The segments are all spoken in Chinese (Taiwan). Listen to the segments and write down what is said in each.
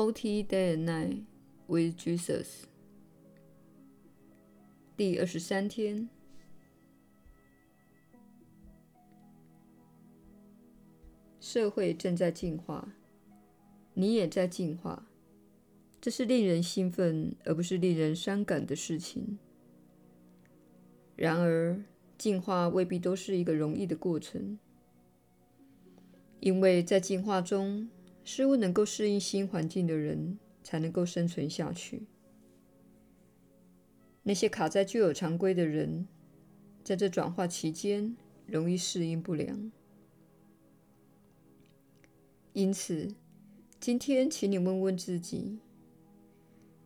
Forty day and night with Jesus。第二十三天，社會正在進化，你也在進化，這是令人興奮而不是令人傷感的事情。然而，進化未必都是一個容易的過程，因為在進化中，似乎能夠適應新環境的人才能夠生存下去。那些卡在舊有常規的人，在這轉化期間容易適應不良。因此，今天請你問問自己：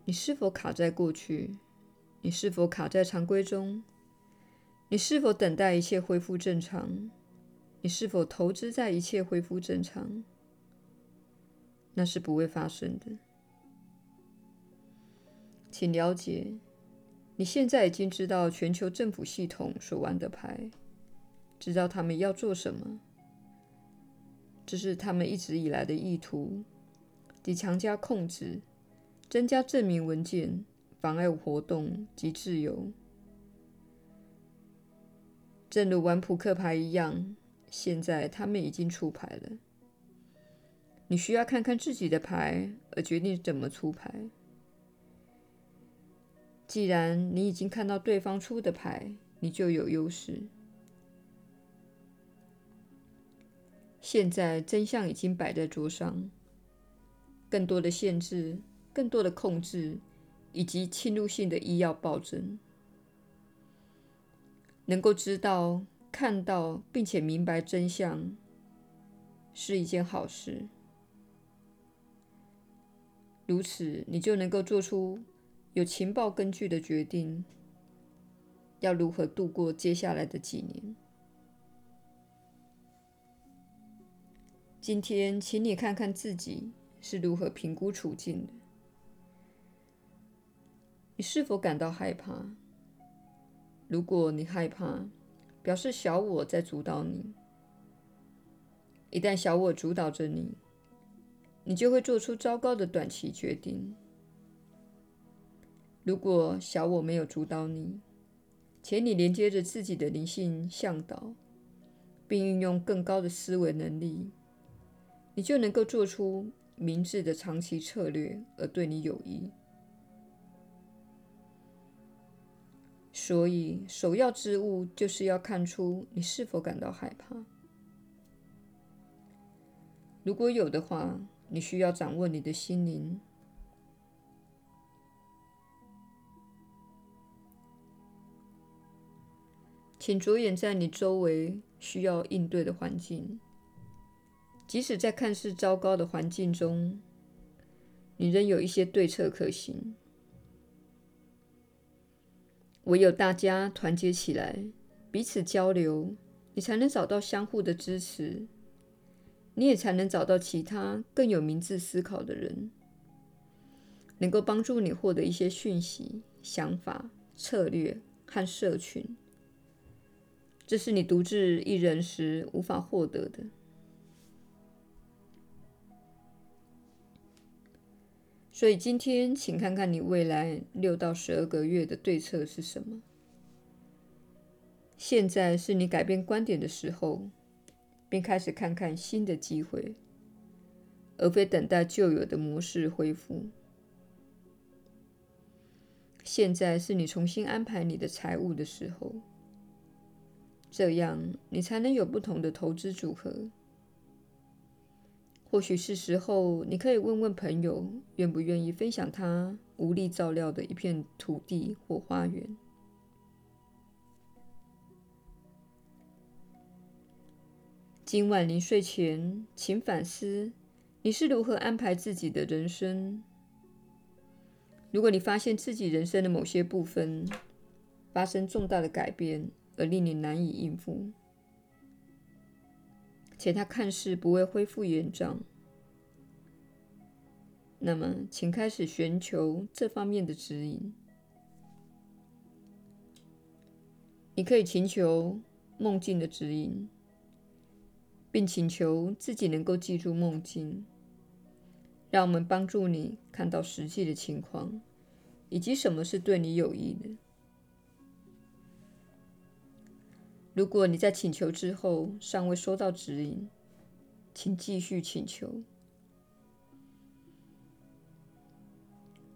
你是否卡在過去？你是否卡在常規中？你是否等待一切恢復正常？你是否投資在一切恢復正常？那是不會發生的。請了解，你現在已經知道全球政府系統所玩的牌，知道他們要做什麼，這是他們一直以來的意圖，即強加控制、增加證明文件、妨礙活動及自由。正如玩撲克牌一樣，現在他們已經出牌了。你需要看看自己的牌，而決定怎麼出牌。既然你已經看到對方出的牌，你就有優勢。現在真相已經擺在桌上，更多的限制、更多的控制以及侵入性的醫藥暴政，能夠知道、看到並且明白真相，是一件好事。如此，你就能夠做出有情報根據的決定。要如何度過接下來的幾年？今天，請你看看自己是如何評估處境的。你是否感到害怕？如果你害怕，表示小我在主導你。一旦小我主導着你，你就會做出糟糕的短期決定。如果小我沒有主導你，且你連接着自己的靈性向導，並運用更高的思維能力，你就能夠做出明智的長期策略，而對你有益。所以，首要之務就是要看出你是否感到害怕。如果有的話。你需要掌握你的心靈，請着眼在你周圍需要應對的環境，即使在看似糟糕的環境中，你仍有一些對策可行。唯有大家團結起來，彼此交流，你才能找到相互的支持。你也才能找到其他更有明智思考的人，能夠幫助你獲得一些訊息、想法、策略和社群，這是你獨自一人時無法獲得的。所以今天，請看看你未來六到十二個月的對策是什麼？現在是你改變觀點的時候。並開始看看新的機會，而非等待舊有的模式恢復。現在是你重新安排你的財務的時候，這樣你才能有不同的投資組合。或許是時候你可以問問朋友，願不願意分享他無力照料的一片土地或花園。今晚臨睡前，請反思你是如何安排自己的人生。如果你發現自己人生的某些部分發生重大的改變，而令你難以應付，且它看似不會恢復原狀，那麼，請開始尋求這方面的指引。你可以請求夢境的指引。並請求自己能夠記住夢境，讓我們幫助你看到實際的情況，以及什麼是對你有益的。如果你在請求之後尚未收到指引，請繼續請求。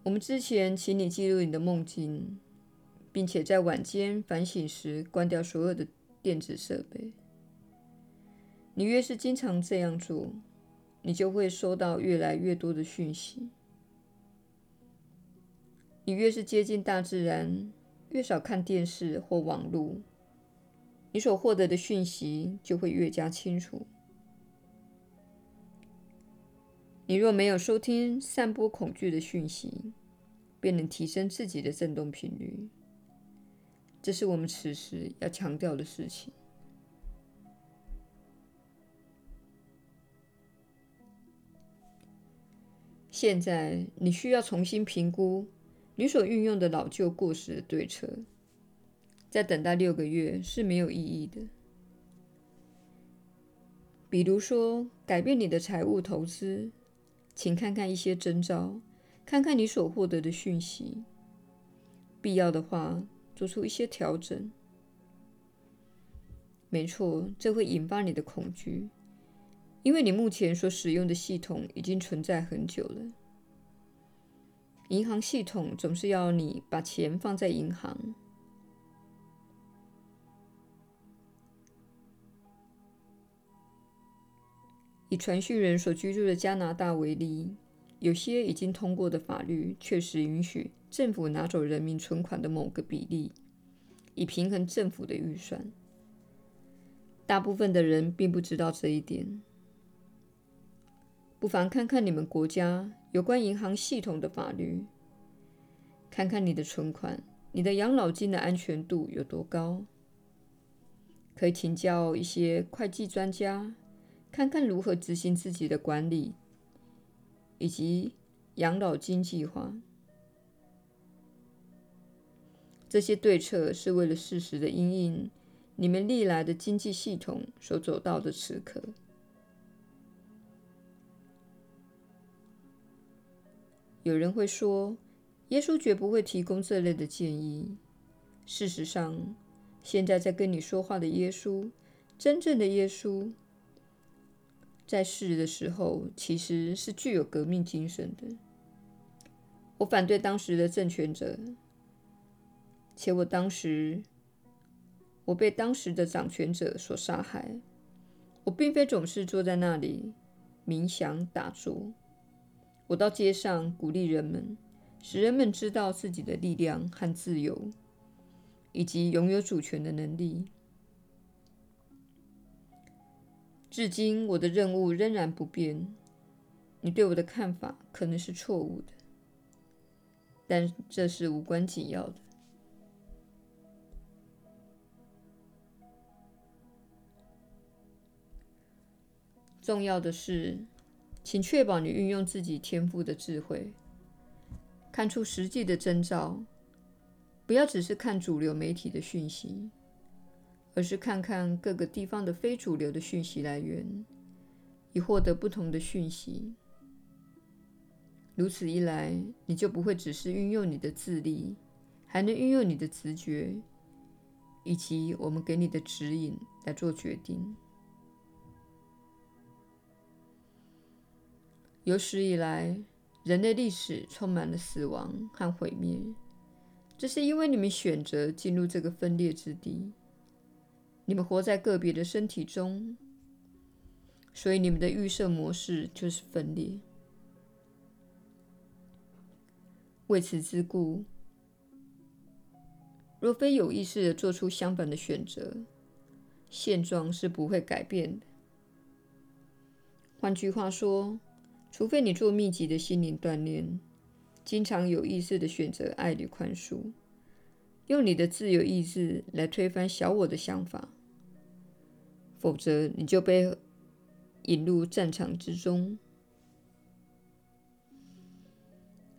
我們之前請你記錄你的夢境，並且在晚間反省時關掉所有的電子設備。你越是經常這樣做，你就會收到越來越多的訊息。你越是接近大自然，越少看電視或網絡，你所獲得的訊息就會越加清楚。你若沒有收聽散播恐懼的訊息，便能提升自己的振動頻率。這是我們此時要強調的事情。現在你需要重新評估你所運用的老舊過時的對策。再等待六個月是沒有意義的。比如說，改變你的財務投資，請看看一些徵兆，看看你所獲得的訊息，必要的話做出一些調整。沒錯，這會引發你的恐懼。因為你目前所使用的系統已經存在很久了，銀行系統總是要你把錢放在銀行。以傳訊人所居住的加拿大為例，有些已經通過的法律確實允許政府拿走人民存款的某個比例，以平衡政府的預算。大部分的人並不知道這一點。不妨看看你們國家有關銀行系統的法律，看看你的存款、你的養老金的安全度有多高。可以請教一些會計專家，看看如何執行自己的管理以及養老金計劃。這些對策是為了適時的因應你們歷來的經濟系統所走到的此刻。有人會說，耶穌絕不會提供這類的建議。事實上，現在在跟你說話的耶穌，真正的耶穌，在世的時候其實是具有革命精神的。我反對當時的政權者，且我當時，我被當時的掌權者所殺害。我並非總是坐在那裡冥想打坐。我到街上鼓勵人們，使人們知道自己的力量和自由，以及擁有主權的能力。至今，我的任務仍然不變。你對我的看法可能是錯誤的，但這是無關緊要的。重要的是，請確保你運用自己天賦的智慧，看出實際的徵兆，不要只是看主流媒體的訊息，而是看看各個地方的非主流的訊息來源，以獲得不同的訊息。如此一來，你就不會只是運用你的智力，還能運用你的直覺，以及我們給你的指引來做決定。有史以來，人類歷史充滿了死亡和毀滅，這是因為你們選擇進入這個分裂之地，你們活在個別的身體中，所以你們的預設模式就是分裂。為此之故，若非有意識的做出相反的選擇，現狀是不會改變的。換句話說。除非你做密集的心靈鍛煉，經常有意識地選擇愛與寬恕，用你的自由意志來推翻小我的想法，否則你就被引入戰場之中。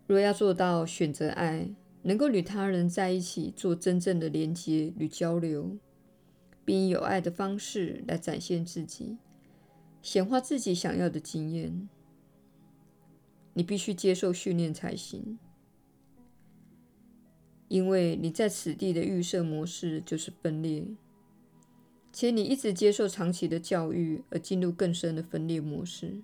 若要做到選擇愛，能夠與他人在一起做真正的連結與交流，並以有愛的方式來展現自己，顯化自己想要的經驗。你必須接受訓練才行，因為你在此地的預設模式就是分裂，且你一直接受長期的教育而進入更深的分裂模式。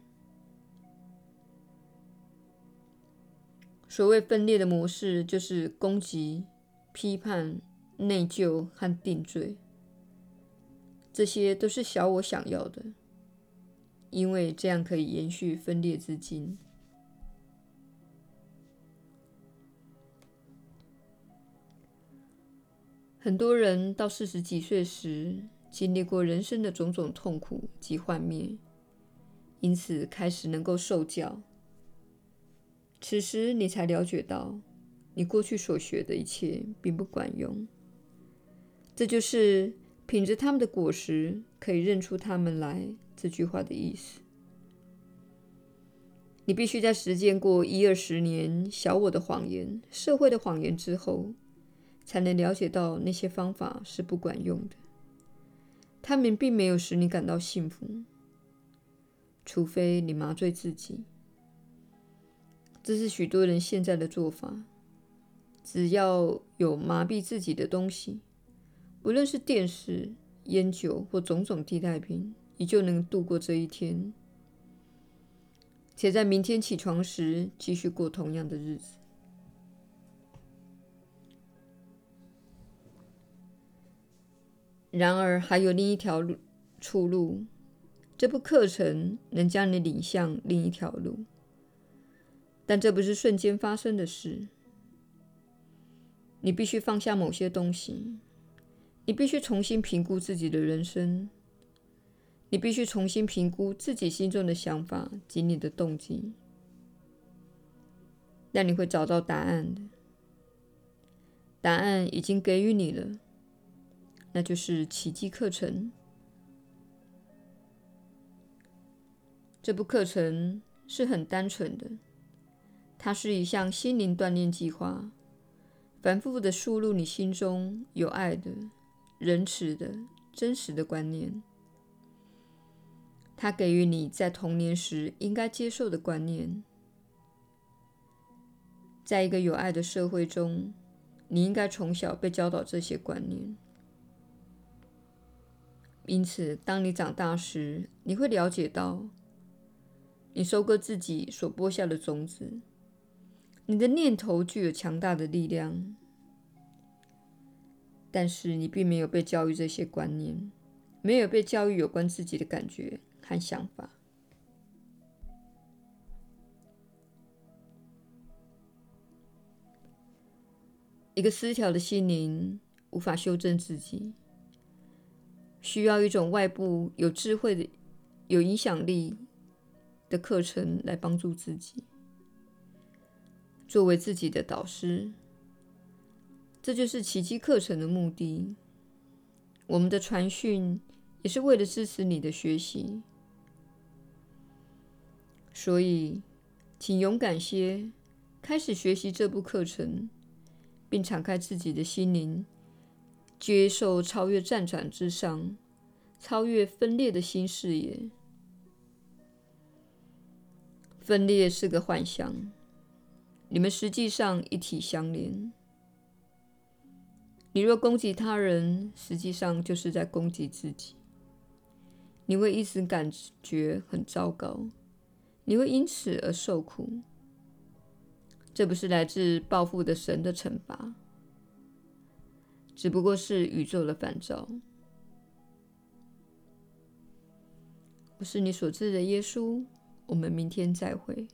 所謂分裂的模式，就是攻擊、批判、內疚和定罪，這些都是小我想要的，因為這樣可以延續分裂之境。很多人到四十幾歲時，經歷過人生的種種痛苦及幻滅，因此開始能夠受教。此時你才了解到，你過去所學的一切並不管用。這就是憑著他們的果實，可以認出他們來這句話的意思。你必須在實踐過一二十年小我的謊言、社會的謊言之後。才能了解到那些方法是不管用的，他們並沒有使你感到幸福，除非你麻醉自己。這是許多人現在的做法，只要有麻痹自己的東西，不論是電視、煙酒或種種替代品，你就能度過這一天，且在明天起床時繼續過同樣的日子。然而，還有另一條路出路。這部課程能將你領向另一條路，但這不是瞬間發生的事。你必須放下某些東西，你必須重新評估自己的人生，你必須重新評估自己心中的想法及你的動機。那你會找到答案的，答案已經給予你了。那就是奇蹟課程。這部課程是很單純的，它是一項心靈鍛鍊計劃，反覆的輸入你心中有愛的、仁慈的、真實的觀念。它給予你在童年時應該接受的觀念。在一個有愛的社會中，你應該從小被教導這些觀念。因此，當你長大時，你會了解到，你收割自己所播下的種子。你的念頭具有強大的力量，但是你並沒有被教育這些觀念，沒有被教育有關自己的感覺和想法。一個失調的心靈無法修正自己。需要一種外部有智慧的、有影響力的課程來幫助自己，作為自己的導師。這就是奇蹟課程的目的。我們的傳訊也是為了支持你的學習。所以，請勇敢些，開始學習這部課程，並敞開自己的心靈。接受超越戰場之上，超越分裂的新視野。分裂是個幻想，你們實際上一體相連。你若攻擊他人，實際上就是在攻擊自己。你會一直感覺很糟糕，你會因此而受苦。這不是來自報復的神的懲罰。只不過是宇宙的反照，我是你所知的耶穌。我們明天再會。